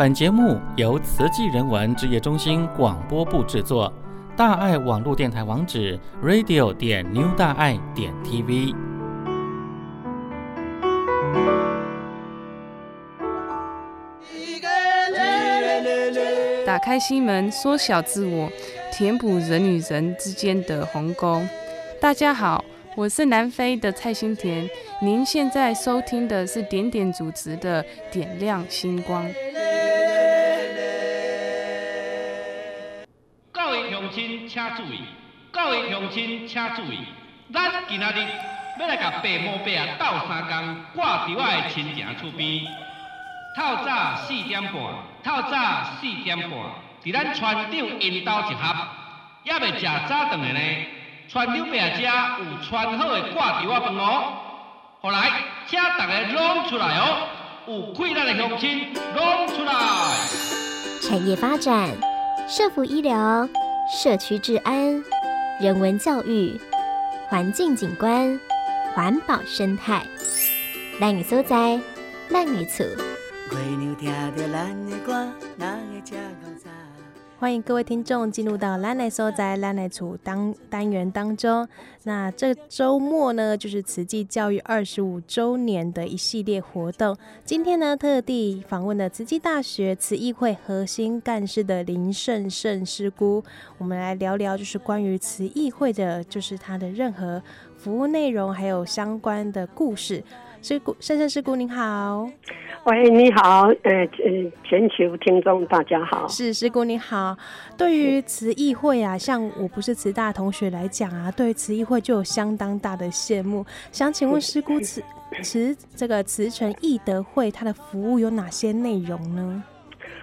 本節目由慈濟人文志業中心廣播部制作。大愛網絡電台網址：radio. 點 new 大愛點 tv。打開心門，縮小自我，填補人與人之間的鴻溝。大家好，我是南非的蔡心田。您現在收聽的是點點主持的《點亮星光》。鄉親，請注意！各位鄉親，請注意！咱今仔日要來甲父母、伯啊鬥三工，掛佇我的親戚厝邊。透早四點半，透早四點半，佇咱船長因兜集合，還未食早餐咧呢。船長伯啊、喔，家有穿好誒，掛佇我飯盒。何來，請大家攏出來哦、喔！有困難的鄉親，攏出來！產業發展，社福醫療。社區治安、人文教育、環境景觀、環保生態，咱的所在，咱的厝。 歡迎各位聽眾進入到咱的所在咱的厝當單元當中。那這周末呢，就是慈濟教育二十五周年的一系列活動。今天呢，特地訪問了慈濟大學慈懿會核心幹事的林勝勝師姑，我們來聊聊就是關於慈懿會的，就是它的任何服務內容，還有相關的故事。師姑，勝勝師姑，你好。喂，你好，呃，呃，全球聽眾大家好。是師姑你好。對於慈懿會啊，像我不是慈大的同學來講啊，對於慈懿會就有相當大的羨慕。想請問師姑慈，慈慈這個慈誠懿德會，它的服務有哪些內容呢？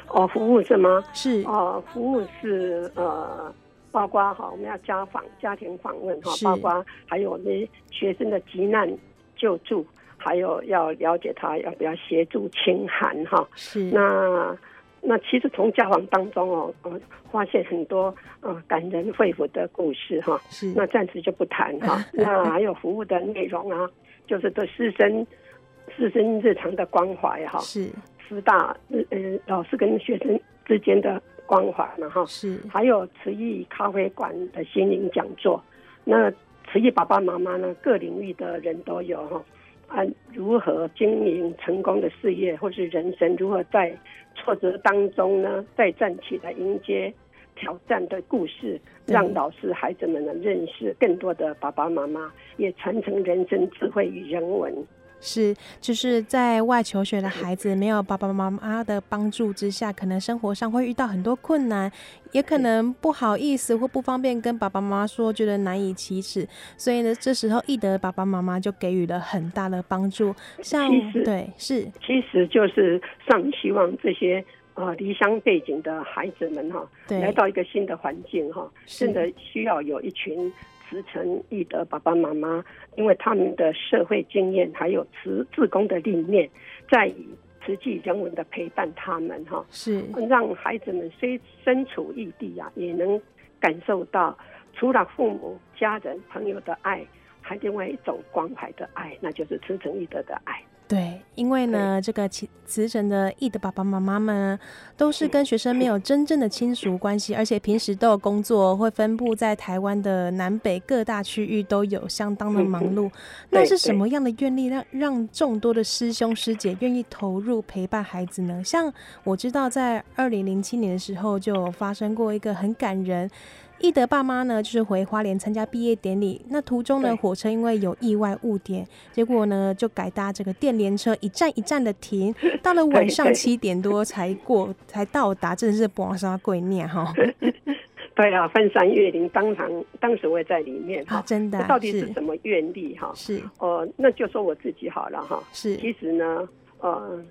哦，服務什麼是。哦、呃，服務是，嗎是，呃，服務是呃，包括哈、哦，我們要家訪、家庭訪問哈、哦，包括還有我們學生的急難救助。還有要了解他要不要協助清寒哈，是那那其實從家訪當中哦哦、呃、發現很多嗯、呃、感人肺腑的故事哈、哦，是那暫時就不談哈、哦， 那還有服務的內容啊，就是對師生師生日常的關懷哈、哦，是師大嗯、呃、老師跟學生之間的關懷呢哈、哦，是還有慈懿咖啡館的心靈講座，那慈懿爸爸媽媽呢各領域的人都有哈、哦。啊，如何經營成功的事業或是人生？如何在挫折當中呢，再站起來迎接挑戰的故事，讓老師、孩子們呢認識更多的爸爸媽媽，也傳承人生智慧與人文。是，就是在外求學的孩子，沒有爸爸媽媽的幫助之下，可能生活上會遇到很多困難，也可能不好意思或不方便跟爸爸媽媽說，覺得難以啟齒。所以呢，這時候懿德爸爸媽媽就給予了很大的幫助。像對，是，其實就是上希望這些啊離鄉背景的孩子們哈、啊，來到一個新的環境哈、啊，真的需要有一群。慈誠懿德爸爸媽媽，因為他們的社會經驗還有慈濟志工的理念，在以慈濟人文的陪伴他們哈、哦，是讓孩子們雖身處異地啊，也能感受到除了父母、家人、朋友的愛，還另外一種關懷的愛，那就是慈誠懿德的愛。對，因為呢，這個慈慈誠的懿的爸爸媽媽們都是跟學生沒有真正的親屬關係，而且平時都有工作，會分布在台灣的南北各大區域，都有相當的忙碌。 那是什麼樣的願力讓，讓讓眾多的師兄師姐願意投入陪伴孩子呢？像我知道，在二零零七年的時候，就發生過一個很感人。懿德爸媽呢，就是回花蓮參加畢業典禮。那途中呢，火車因為有意外誤點，結果呢就改搭這個電聯車，一站一站的停，到了晚上七點多才過， 對對對才到達，真是跋山過嶺哈。對啊，翻山越嶺，當場當時我也在裡面啊，真的，到底是什麼願力哈？是哦、呃，那就說我自己好了哈。是，其實呢，呃，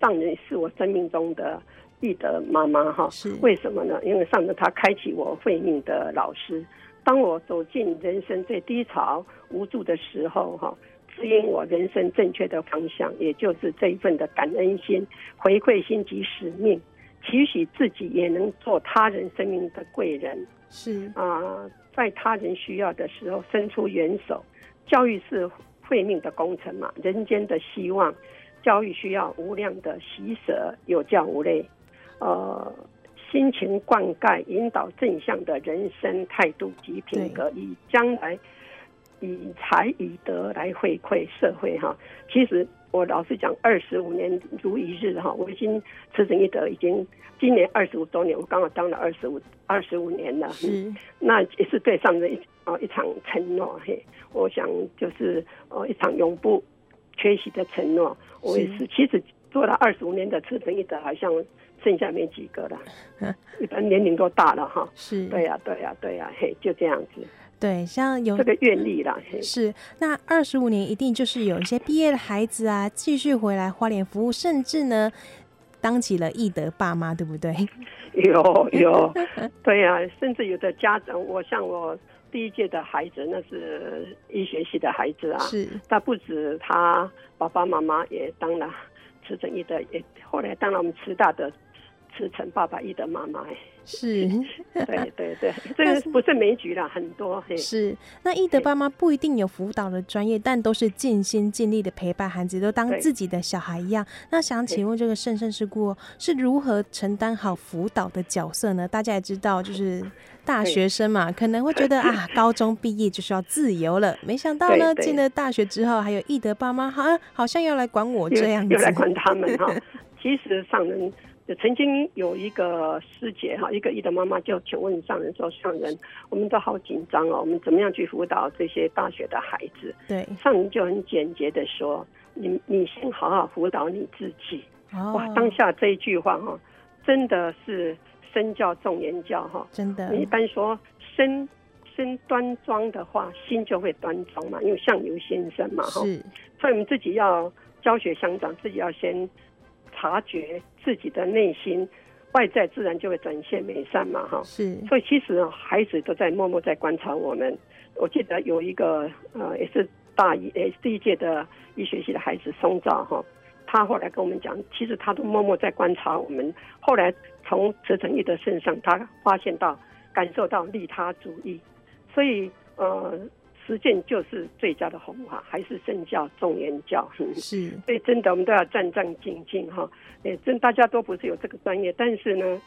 上人是我生命中的。記得媽媽哈，是為什麼呢？因為上次他開啟我慧命的老師，當我走進人生最低潮無助的時候哈，指引我人生正確的方向，也就是這一份的感恩心、回饋心及使命，期許自己也能做他人生命的貴人。是啊、呃，在他人需要的時候伸出援手。教育是慧命的工程嘛，人間的希望，教育需要無量的喜捨，有教無類。呃，辛勤灌溉，引導正向的人生態度及品格，以將來以才以德來回饋社會哈。其實我老實講，二十五年如一日哈，我已經慈誠懿德，已經今年二十五周年，我剛好當了二十五二十五年了。嗯，那也是對上的一哦一場承諾嘿。我想就是哦一場永不缺席的承諾。我也是，是其實做了二十五年的慈誠懿德，好像。剩下沒幾個了，一、啊、般年齡都大了哈。是，對呀、啊，對呀、啊，對呀、啊，嘿，就這樣子。對，像有這個閱歷了，是。那二十五年一定就是有一些畢業的孩子啊，繼續回來花蓮服務，甚至呢，當起了懿德爸媽，對不對？有有， 對呀、啊，甚至有的家長，我像我第一屆的孩子，那是醫學系的孩子啊，是。他不止他爸爸媽媽也當了慈誠懿德也，也後來當了我們慈大的。是慈誠爸爸懿德媽媽哎，是 對對對，這個不勝枚舉，了， 很多。嘿是，那懿德爸媽不一定有輔導的專業，但都是盡心盡力的陪伴孩子，都當自己的小孩一樣。那想請問這個勝勝師姑是如何承擔好輔導的角色呢？大家也知道，就是大學生嘛，可能會覺得啊，高中畢業就需要自由了，沒想到呢，進了大學之後，還有懿德爸媽，哈、啊，好像要來管我這樣子，又來管他們哈。其實上人。曾經有一個師姐哈，一個伊的媽媽就請問上人說：“上人，我們都好緊張哦，我們怎麼樣去輔導這些大學的孩子？”對，上人就很簡潔地說：“你你先好好輔導你自己。Oh. ”哇，當下這一句話哈，真的是身教重言教哈，真的。你一般說身身端莊的話，心就會端莊嘛，因為相由心生嘛哈。是，所以我們自己要教學相長，自己要先。察覺自己的內心，外在自然就會展現美善嘛，哈。是，所以其實孩子都在默默在觀察我們。我記得有一個呃，也是大一，第一屆的醫學系的孩子松照哈，他後來跟我們講，其實他都默默在觀察我們。後來從慈誠懿的身上，他發現到感受到利他主義，所以呃。實踐就是最佳的弘法，還是身教重於言教，是、嗯，所以真的我們都要戰戰兢兢哈。真大家都不是有這個專業，但是呢，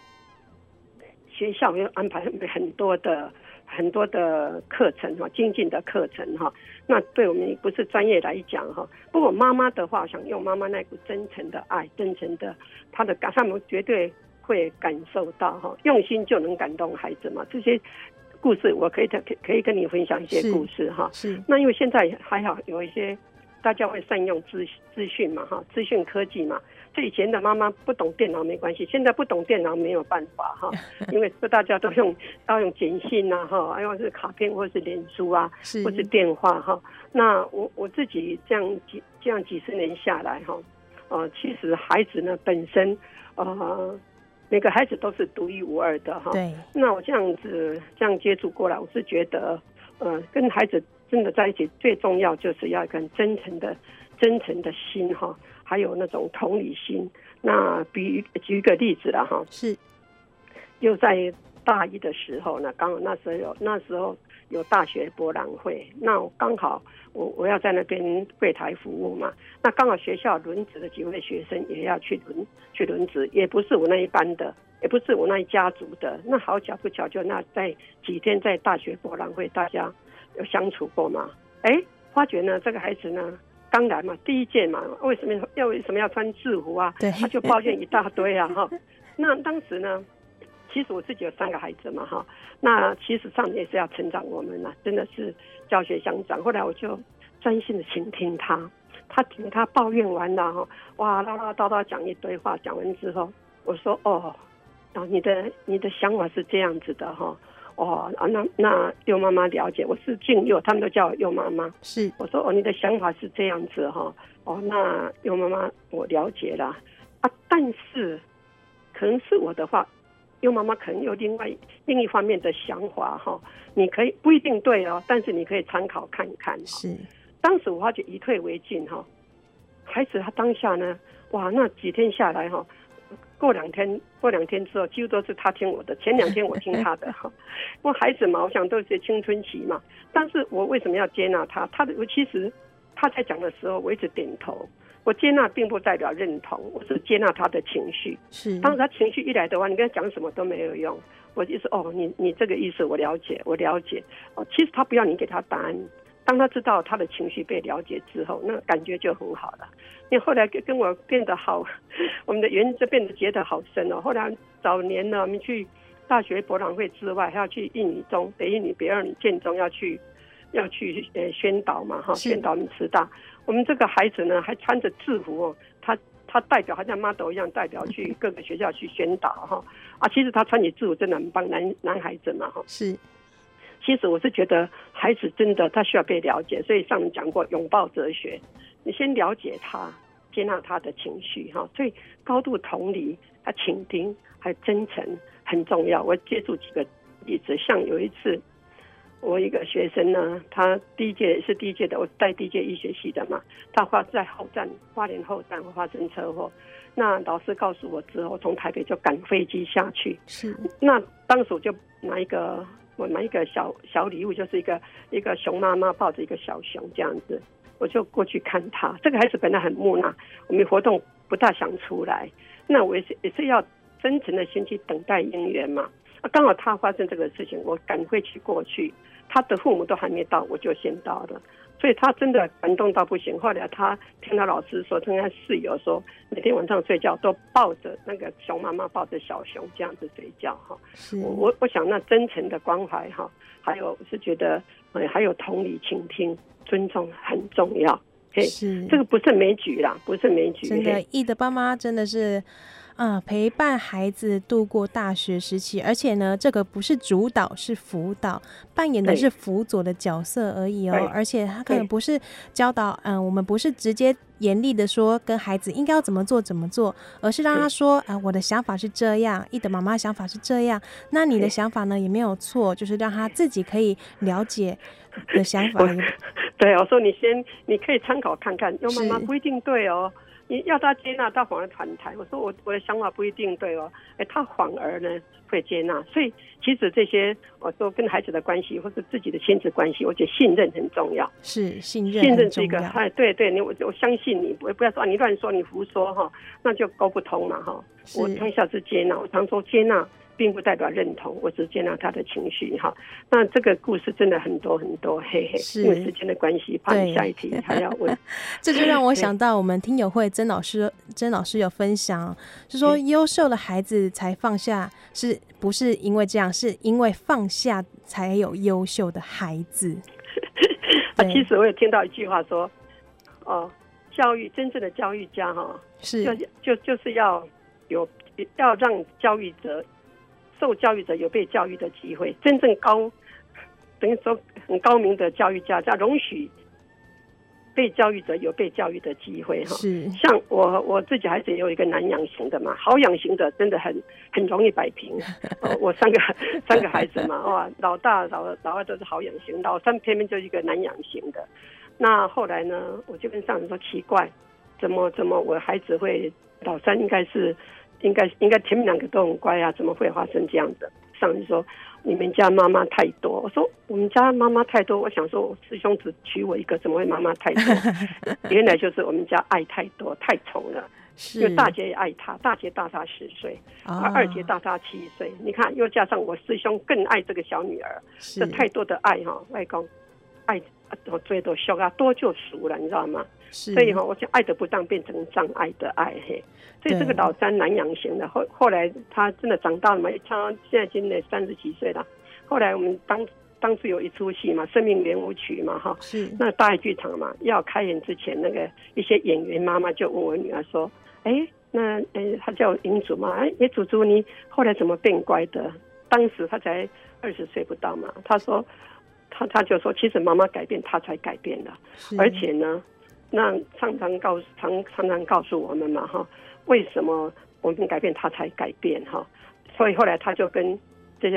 學校有安排很多的很多的課程哈，精進的課程哈。那對我們不是專業來講哈，不過媽媽的話，想用媽媽那股真誠的愛，真誠的，他的我們絕對會感受到哈，用心就能感動孩子嘛，這些。故事我可以可可以，跟你分享一些故事哈，是。那因為現在還好有一些大家會善用資資訊嘛哈，資訊科技嘛。這以，以前的媽媽不懂電腦沒關係，現在不懂電腦沒有辦法哈， 因為大家都用要用簡訊啊哈，要用是卡片或是臉書啊，或是電話哈。那我我自己這樣幾這樣幾十年下來哈，呃，其實孩子呢本身呃。每個孩子都是獨一無二的哈，對。那我這樣子這樣接觸過來，我是覺得，呃，跟孩子真的在一起最重要就是要一個真誠的、真誠的心哈，還有那種同理心。那比舉，舉一個例子了哈，是，又在。大一的時候呢，那剛好那時候有那時候有大學博覽會，那我剛好我我要在那邊櫃檯服務嘛，那剛好學校輪值的幾位學生也要去輪去輪值，也不是我那一班的，也不是我那一家族的，那好巧不巧就那在幾天在大學博覽會大家有相處過嘛。哎，發覺呢這個孩子呢剛來嘛，第一件嘛為什麼要為什麼要穿制服啊？他就抱怨一大堆啊哈。 那當時呢？其實我自己有三個孩子嘛，哈，那其實上也是要成長我們了，真的是教學相長。後來我就專心的傾聽他，他聽他抱怨完了哈，哇，嘮嘮叨叨講一堆話，講完之後我說哦，哦，你的你的想法是這樣子的哈，哦啊那那佑媽媽了解，我是靜佑，他們都叫我佑媽媽，是，我說哦你的想法是這樣子哈，哦那佑媽媽我了解了，啊，但是可能是我的話。因為媽媽可能有另外，另一方面的想法哈，你可以不一定對哦，但是你可以參考看一看。是，當時我發覺一退為進以退為進哈，孩子他當下呢，哇，那幾天下來哈，過兩天，過兩天之後，幾乎都是他聽我的，前兩天我聽他的哈。因 為孩子嘛，我想都是青春期嘛，但是我為什麼要接納他？他的我其實他在講的時候，我一直點頭。我接納並不代表認同，我只接納他的情緒。是，當他情緒一來的話，你跟他講什麼都沒有用。我就說、是，哦，你你這個意思我了解，我了解。哦，其實他不要你給他答案。當他知道他的情緒被了解之後，那感覺就很好了。你後來跟跟我變得好，我們的緣就變得結得好深哦。後來早年呢，我們去大學博覽會之外，還要去一女中，北一女、北二女、建中要去，要去呃宣導嘛哈，宣導我們慈大。我們這個孩子呢，還穿着制服哦，他他代表還像 model 一樣，代表去各個學校去宣導哈、哦。啊，其實他穿起制服真的很棒，男男孩子嘛哈、哦。是，其實我是覺得孩子真的他需要被了解，所以上面講過擁抱哲學，你先了解他，接納他的情緒哈、哦。所以高度同理、他、啊、傾聽、還有真誠很重要。我接觸幾個例子，像有一次。我一個學生呢，他第一屆是第一屆的，我帶第一屆醫學系的嘛。他發在後站，花蓮後站發生車禍。那老師告訴我之後，從台北就趕飛機下去。是。那當時我就拿一個，我拿一個小小禮物，就是一個一個熊媽媽抱着一個小熊這樣子，我就過去看他。這個孩子本來很木訥，我們活動不大想出來。那我也是也是要真誠的心去等待姻緣嘛。啊，剛好他發生這個事情，我趕回去過去。他的父母都還沒到，我就先到了。所以他真的感動到不行。後來他聽到老師說，聽他室友說，每天晚上睡覺都抱着那個熊媽媽，抱着小熊這樣子睡覺哈。我我想那真誠的關懷哈，還有是覺得、嗯、還有同理傾聽尊重很重要。Hey, 是這個不勝枚舉啦，不勝枚舉。真的，E、hey、的爸媽真的是。啊、嗯，陪伴孩子度過大學時期，而且呢，這個不是主導，是輔導，扮演的是輔佐的角色而已哦。而且他可能不是教導，嗯，我們不是直接嚴厲的說跟孩子應該要怎麼做怎麼做，而是讓他說啊、呃，我的想法是這樣，一個媽媽的想法是這樣，那你的想法呢也沒有錯，就是讓他自己可以了解的想法。對，我說你先，你可以參考看看，因為媽媽不一定對哦。你要他接納，他反而坦台。我說我我的想法不一定對哦，哎、他反而呢會接納。所以其實這些我說跟孩子的關係或者自己的親子關係，我覺得信任很重要。是信任，信任是一、這個哎，對對，你我、我相信你，不要說、啊、你亂說你胡說哈、哦，那就溝不通了哈、哦。我從小是接納，我常說接納。並不代表認同，我只見到他的情緒哈。那這個故事真的很多很多，嘿嘿。是因為時間的關係，怕你下一題還要問， 這就讓我想到我們慈懿會曾老師，曾老師有分享、就是說，優秀的孩子才放下，是不是因為這樣？是因為放下才有優秀的孩子？ 啊、其實我也聽到一句話說，哦，教育真正的教育家哈，是就就就是要有要讓教育者。受教育者有被教育的機會，真正高，等於說很高明的教育家，才容許被教育者有被教育的機會哈。是，像我我自己孩子也有一個難養型的嘛，好養型的真的很很容易擺平、 哦。我三個三個孩子嘛，哇，老大老老二、都是好養型，老三偏偏就是一個難養型的。那後來呢，我就跟上人說，奇怪，怎麼怎麼我孩子會老三應該是。應該應該前面兩個都很乖啊，怎麼會發生這樣的？上人說你們家媽媽太多，我說我們家媽媽太多，我想說我師兄只娶我一個，怎麼會媽媽太多？ 原來就是我們家愛太多，太寵了。因為大姐也愛她，大姐大她十歲，而二姐大她七歲、啊。你看，又加上我師兄更愛這個小女兒，是這太多的愛哈，外公愛。我最多小啊，多就熟了，你知道嗎？所以哈，我講愛的不當變成障礙的愛，嘿。所以這個老三難養型的，後後來他真的長大了嘛？他現在今年三十幾歲了。後來我們當當初有一出戲嘛，《生命圓舞曲》嘛，哈。是。那大愛劇場嘛，要開演之前，那個一些演員媽媽就問我女兒說：“哎、欸，那哎、欸，他叫尹祖嘛？尹、欸、祖祖，你後來怎麼變乖的？”當時他才二十歲不到嘛，他說。他他就說，其實媽媽改變，他才改變的。而且呢，那常常告常常常告訴我們嘛，哈，為什麼我們改變，他才改變哈？所以後來他就跟這些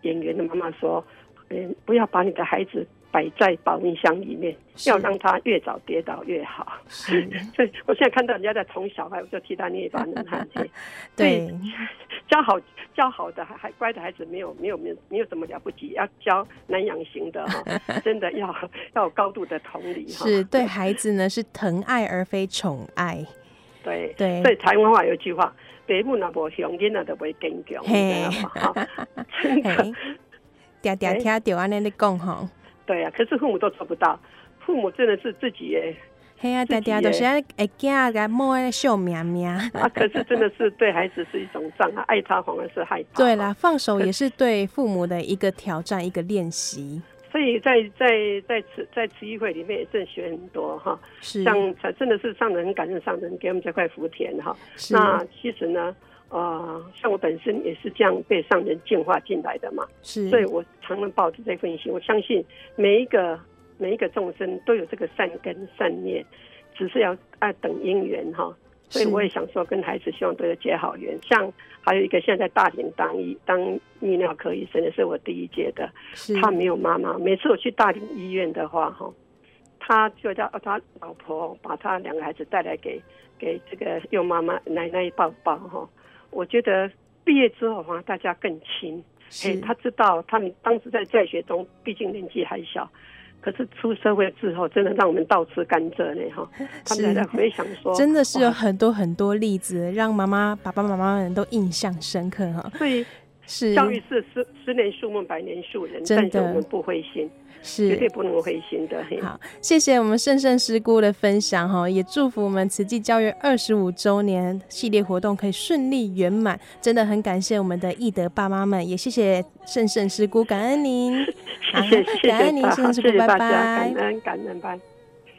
演員的媽媽說，嗯、欸，不要把你的孩子。擺在保溫箱裡面，要讓他越早跌倒越好。 所以我現在看到人家在寵小孩，我就替他捏一把冷汗。對，教好教好的還乖的孩子沒有沒有沒有沒有什麼了不起，要教難養型的哈， 真的要要有高度的同理哈。 是對孩子呢是疼愛而非寵愛。對對對，對，所以台灣話有句話，別木那波熊煙那都不會更強。 道 這個、 嘿，爹爹爹爹，安尼你講哈。 對呀、啊，可是父母都做不到，父母真的是自己哎，是啊，大家都是愛家的名名，愛笑苗苗啊。可是真的是對孩子是一種障礙 愛他反而是害他。對啦，放手也是對父母的一個挑戰，呵呵一個練習。所以在在在，在慈在慈懿會裡面也正學很多哈是，像真的是上人感恩上人給我們這塊福田哈是。那其實呢。啊、呃，像我本身也是這樣被上人淨化進來的嘛，是，所以我常能抱着這份心。我相信每一個每一個眾生都有這個善根善念，只是要啊等因緣哈、哦。所以我也想說，跟孩子希望都要結好緣。像還有一個現在，在大林當醫當泌尿科醫生也是我第一屆的是，他沒有媽媽。每次我去大林醫院的話、哦，哈，他就叫他老婆把他兩個孩子帶來給給這個懿媽媽奶奶抱抱哈、哦。我覺得畢業之後哈，大家更親、欸。他知道他們當時在在學中，畢竟年紀還小。可是出社會之後，真的讓我們倒吃甘蔗呢哈。他們在回想說，真的是有很多很多例子，讓媽媽、爸爸媽媽們都印象深刻哈。所以，是教育是十十年樹木，百年樹人。真的，我們不灰心。是絕對不能灰心的。好，嗯、謝謝我們勝勝師姑的分享哈，也祝福我們慈濟教育二十五周年系列活動可以順利圓滿。真的很感謝我們的懿德爸媽們，也謝謝勝勝師姑，感恩您，謝謝，謝謝感恩您，勝勝拜拜，感恩，感恩，拜。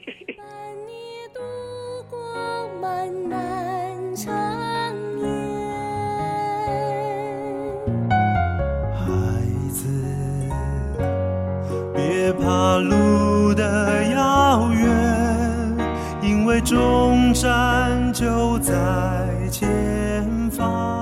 嗯不怕路的遙遠，因為終站就在前方。